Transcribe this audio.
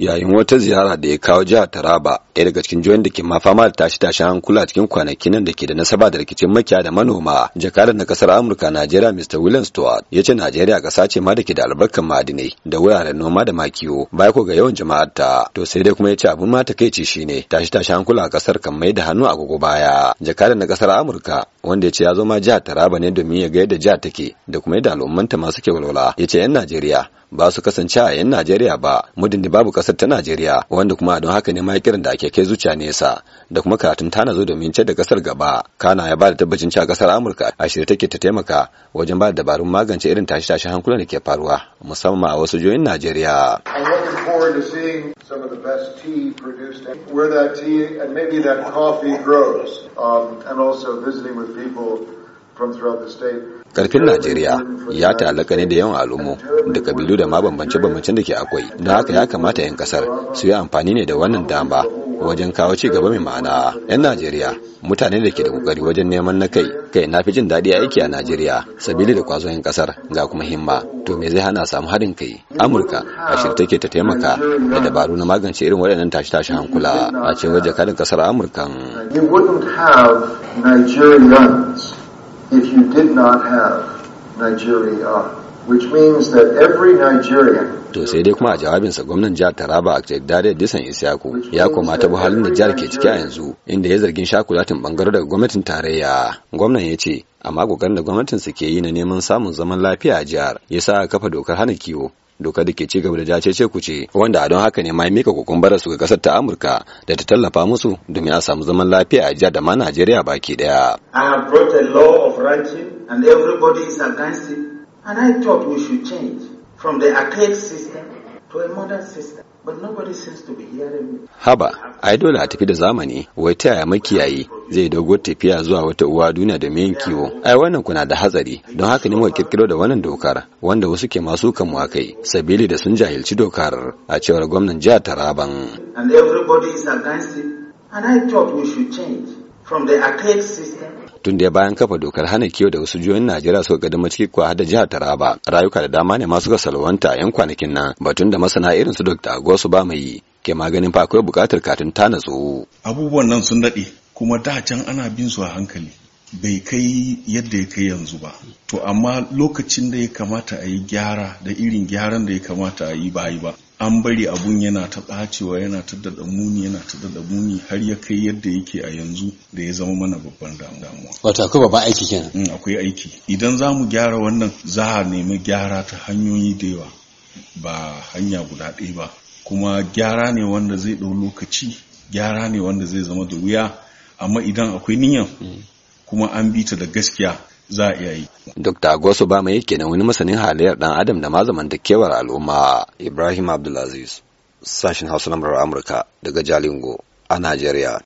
yayin wata ziyara da ya kawo jihar Taraba ɗaya daga cikin jihohin da ke ma fama da tashi tashi hankula cikin kwanakin nan da ke da nasaba da rikicin makiya da manoma jakadan na kasar Amurka Najeriya Mr William Stewart ya ce Najeriya ƙasa ce ma da ke da albarkan ma'adinai da wuraren noma da makiyo baya ko ga yawan jama'ar ta to sai dai kuma ya ce abin ma takeici ne, tashi tashi hankula a kasar kan mai da hannu a gogo baya jakadan na kasar Amurka wanda ya ce ya zo ma jihar Taraba ne domin ya ga yadda jihar take da kuma yadda al'ummanta ma suke walwala ya ce 'yan Najeriya ba su kasance a 'yan Najeriya ba muddin da babu kasar kasar ta Najeriya wanda kuma don haka ne ma da ake kai zuciya nesa da kuma karatun tana zo domin ce da kasar gaba kana ya bada tabbacin cewa kasar Amurka a shirye take ta taimaka wajen ba da dabarun magance irin tashi-tashi hankula da ke faruwa musamman a wasu jihohin Najeriya. Um, from throughout the state karfin najeriya ya ta'allaka ne da yawan al'ummu da kabilu da ma bambance-bambancen da ke akwai da haka ya kamata 'yan kasar su yi amfani ne da wannan dama wajen kawo ci gaba mai ma'ana 'yan najeriya mutane da ke da kokari wajen neman na kai kai na fi jin daɗi aiki a najeriya sabili da kwazo 'yan kasar ga kuma himma to me zai hana samu haɗin kai amurka a shirye take ta taimaka da dabaru na magance irin waɗannan tashi tashi hankula a cewar jakadin kasar amurkan if you did not have Nigeria, which means that every Nigerian to sai dai kuma a jawabinsa gwamnan jihar taraba a dare disan isiyaku ya koma ta halin da jihar ke ciki a yanzu inda ya zargin shakulatin bangare daga gwamnatin tarayya gwamnan ya ce amma kokarin da gwamnatin su ke yi na neman samun zaman lafiya a jihar ya sa kafa dokar hana kiwo doka da ke ci gaba da jacece ce wanda a don haka ne ma ya mika kokumbarar su ga kasar ta Amurka da ta tallafa musu domin a samu zaman lafiya a jihar da ma Najeriya baki daya. I a law Haba, ai dole a tafi da zamani, wai ta yaya makiyayi zai dogo tafiya zuwa wata uwa duniya da domin kiwo ai wannan kuna da hatsari don haka ne muka kirkiro da wannan dokar wanda wasu ke masu kan mu akai sabili da sun jahilci dokar a cewar gwamnan jihar Taraban tun da bayan kafa dokar hana kiwo da wasu jihohin Najeriya suka kaddama ciki har da jihar Taraba rayuka da dama ne masu salwanta yan kwanakin nan batun da masana irin su Dr. Agosu ba mai ke maganin fa akwai bukatar katin ta natsu abubuwan nan sun dade kuma da can ana bin su a hankali bai kai yadda ya kai yanzu ba to amma lokacin da ya kamata a yi gyara da irin gyaran da ya kamata a yi ba yi ba an bari abun yana ta ɓacewa yana ta daɗa muni yana ta daɗa muni har ya kai yadda yake a yanzu da ya zama mana babban damuwa Wata akwai babban aiki kenan mm, akwai aiki idan za mu gyara wannan za a nemi gyara ta hanyoyi da yawa ba hanya guda ɗaya ba kuma gyara ne wanda zai ɗau lokaci gyara ne wanda zai zama da wuya amma idan akwai niyan hmm. kuma an bi ta da gaskiya za a iya yi. Dr. Agosu ba mai yake wani masanin halayyar dan Adam da ma zamantakewar al'umma Ibrahim Abdulaziz, sashen Hausa na Amurka daga Jalingo a Najeriya.